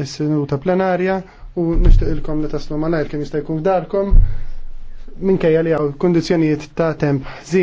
is-sinuta plenarja u nixtieq ilkom li taslu malajr kien jista' jkun f'darkom minkejja li hawn kundizzjonijiet ta' temp żien.